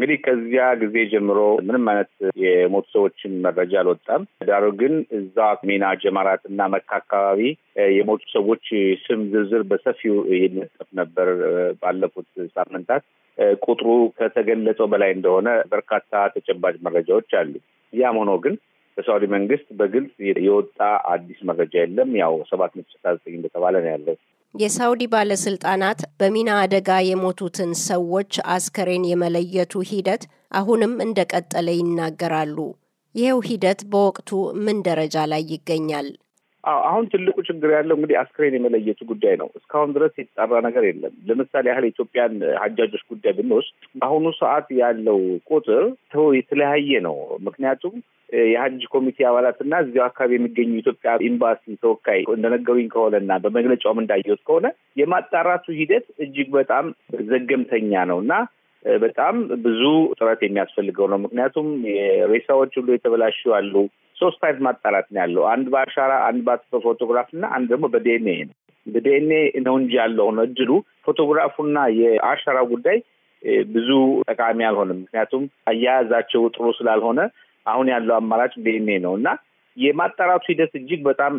እንግዲህ ከዚያ ጊዜ ጀምሮ ምንም አይነት የሞቱ ሰዎችን መረጃ አልወጣም። ዳሩ ግን እዛ ሚና ጀማራት እና መካ አካባቢ የሞቱ ሰዎች ስም ዝርዝር በሰፊው ይነጠፍ ነበር። ባለፉት ሳምንታት ቁጥሩ ከተገለጸው በላይ እንደሆነ በርካታ ተጨባጭ መረጃዎች አሉ። ያም ሆኖ ግን በሳዑዲ መንግስት በግልጽ የወጣ አዲስ መረጃ የለም። ያው ሰባት መቶ ስልሳ ዘጠኝ እንደተባለ ነው ያለው። የሳውዲ ባለስልጣናት በሚና አደጋ የሞቱትን ሰዎች አስከሬን የመለየቱ ሂደት አሁንም እንደቀጠለ ይናገራሉ። ይኸው ሂደት በወቅቱ ምን ደረጃ ላይ ይገኛል? አሁን ትልቁ ችግር ያለው እንግዲህ አስክሬን የመለየቱ ጉዳይ ነው። እስካሁን ድረስ የተጣራ ነገር የለም። ለምሳሌ ያህል የኢትዮጵያን ሀጃጆች ጉዳይ ብንወስድ በአሁኑ ሰዓት ያለው ቁጥር ተው የተለያየ ነው። ምክንያቱም የሀጅ ኮሚቴ አባላትና እዚያው አካባቢ የሚገኙ ኢትዮጵያ ኤምባሲ ተወካይ እንደነገሩኝ ከሆነና በመግለጫውም እንዳየሁት ከሆነ የማጣራቱ ሂደት እጅግ በጣም ዘገምተኛ ነው እና በጣም ብዙ ጥረት የሚያስፈልገው ነው። ምክንያቱም ሬሳዎች ሁሉ የተበላሹ አሉ። ሶስት አይነት ማጣራት ነው ያለው። አንድ በአሻራ አንድ በፎቶግራፍ እና አንድ ደግሞ በዲኤንኤ ነው። በዲኤንኤ ነው እንጂ ያለው ነው እድሉ ፎቶግራፉና የአሻራ ጉዳይ ብዙ ጠቃሚ አልሆነም። ምክንያቱም አያያዛቸው ጥሩ ስላልሆነ አሁን ያለው አማራጭ ዲኤንኤ ነው እና የማጣራቱ ሂደት እጅግ በጣም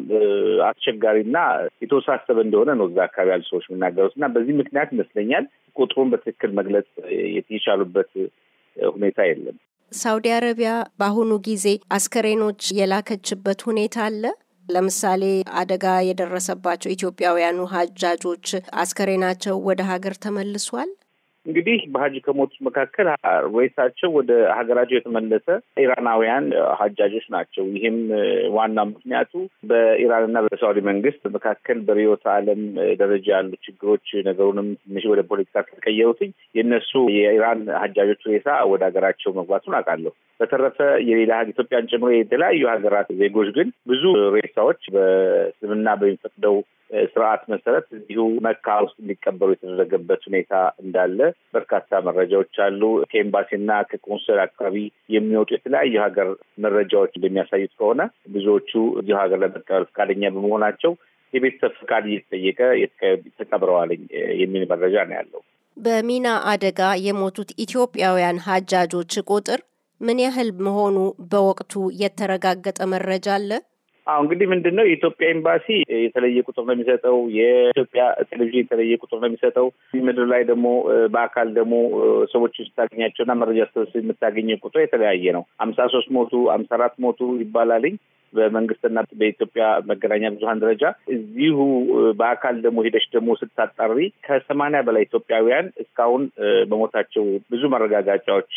አስቸጋሪና የተወሳሰበ እንደሆነ ነው እዛ አካባቢ ያሉ ሰዎች የሚናገሩት እና በዚህ ምክንያት ይመስለኛል ቁጥሩን በትክክል መግለጽ የተቻሉበት ሁኔታ የለም። ሳውዲ አረቢያ በአሁኑ ጊዜ አስከሬኖች የላከችበት ሁኔታ አለ። ለምሳሌ አደጋ የደረሰባቸው ኢትዮጵያውያኑ ሀጃጆች አስከሬናቸው ወደ ሀገር ተመልሷል። እንግዲህ በሀጅ ከሞቱት መካከል ሬሳቸው ወደ ሀገራቸው የተመለሰ ኢራናውያን ሀጃጆች ናቸው። ይህም ዋና ምክንያቱ በኢራንና በሳዑዲ መንግስት መካከል በርዕዮተ ዓለም ደረጃ ያሉ ችግሮች ነገሩንም ትንሽ ወደ ፖለቲካ ከተቀየሩትኝ የእነሱ የኢራን ሀጃጆች ሬሳ ወደ ሀገራቸው መግባቱን አውቃለሁ። በተረፈ የሌላ ኢትዮጵያን ጨምሮ የተለያዩ ሀገራት ዜጎች ግን ብዙ ሬሳዎች በእስልምና በሚፈቅደው ስርዓት መሰረት እዚሁ መካ ውስጥ እንዲቀበሩ የተደረገበት ሁኔታ እንዳለ በርካታ መረጃዎች አሉ። ከኤምባሲና ከቆንስል አካባቢ የሚወጡ የተለያዩ ሀገር መረጃዎች እንደሚያሳዩት ከሆነ ብዙዎቹ እዚሁ ሀገር ለመቀበል ፈቃደኛ በመሆናቸው የቤተሰብ ፈቃድ እየተጠየቀ ተቀብረዋል የሚል መረጃ ነው ያለው። በሚና አደጋ የሞቱት ኢትዮጵያውያን ሀጃጆች ቁጥር ምን ያህል መሆኑ በወቅቱ የተረጋገጠ መረጃ አለ? አሁ እንግዲህ ምንድን ነው የኢትዮጵያ ኤምባሲ የተለየ ቁጥር ነው የሚሰጠው። የኢትዮጵያ ቴሌቪዥን የተለየ ቁጥር ነው የሚሰጠው። ምድር ላይ ደግሞ በአካል ደግሞ ሰዎች ስታገኛቸውና መረጃ ስብስብ የምታገኘ ቁጥር የተለያየ ነው። አምሳ ሶስት ሞቱ አምሳ አራት ሞቱ ይባላልኝ በመንግስትና በኢትዮጵያ መገናኛ ብዙሀን ደረጃ እዚሁ በአካል ደግሞ ሄደች ደግሞ ስታጣሪ ከሰማንያ በላይ ኢትዮጵያውያን እስካሁን በሞታቸው ብዙ ማረጋጋጫዎች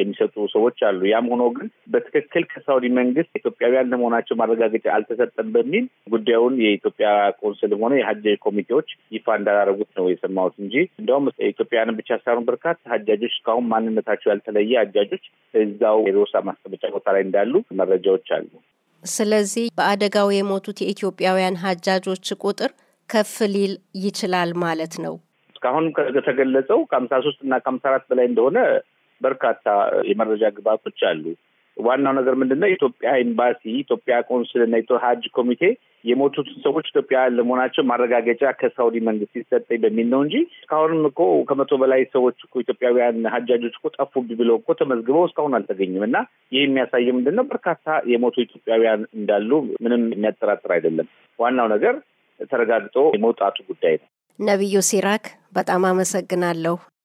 የሚሰጡ ሰዎች አሉ። ያም ሆኖ ግን በትክክል ከሳውዲ መንግስት ኢትዮጵያውያን ለመሆናቸው ማረጋገጫ አልተሰጠም በሚል ጉዳዩን የኢትዮጵያ ቆንስል ሆነ የሀጅ ኮሚቴዎች ይፋ እንዳላረጉት ነው የሰማሁት እንጂ እንደውም ኢትዮጵያውያንን ብቻ ሳይሆን በርካታ ሀጃጆች እስካሁን ማንነታቸው ያልተለየ ሀጃጆች እዛው የሮሳ ማስጠበጫ ቦታ ላይ እንዳሉ መረጃዎች አሉ። ስለዚህ በአደጋው የሞቱት የኢትዮጵያውያን ሀጃጆች ቁጥር ከፍ ሊል ይችላል ማለት ነው። እስካሁን ከተገለጸው ከሀምሳ ሶስት እና ከሀምሳ አራት በላይ እንደሆነ በርካታ የመረጃ ግብዓቶች አሉ። ዋናው ነገር ምንድን ነው? ኢትዮጵያ ኤምባሲ፣ ኢትዮጵያ ቆንስልና ሀጅ ኮሚቴ የሞቱትን ሰዎች ኢትዮጵያውያን ለመሆናቸው ማረጋገጫ ከሳውዲ መንግስት ሲሰጠ በሚል ነው እንጂ እስካሁንም እኮ ከመቶ በላይ ሰዎች እኮ ኢትዮጵያውያን ሀጃጆች እኮ ጠፉብኝ ብለው እኮ ተመዝግበው እስካሁን አልተገኝም። እና ይህ የሚያሳየው ምንድን ነው? በርካታ የሞቱ ኢትዮጵያውያን እንዳሉ ምንም የሚያጠራጥር አይደለም። ዋናው ነገር ተረጋግጦ የመውጣቱ ጉዳይ ነው። ነቢዩ ሲራክ በጣም አመሰግናለሁ።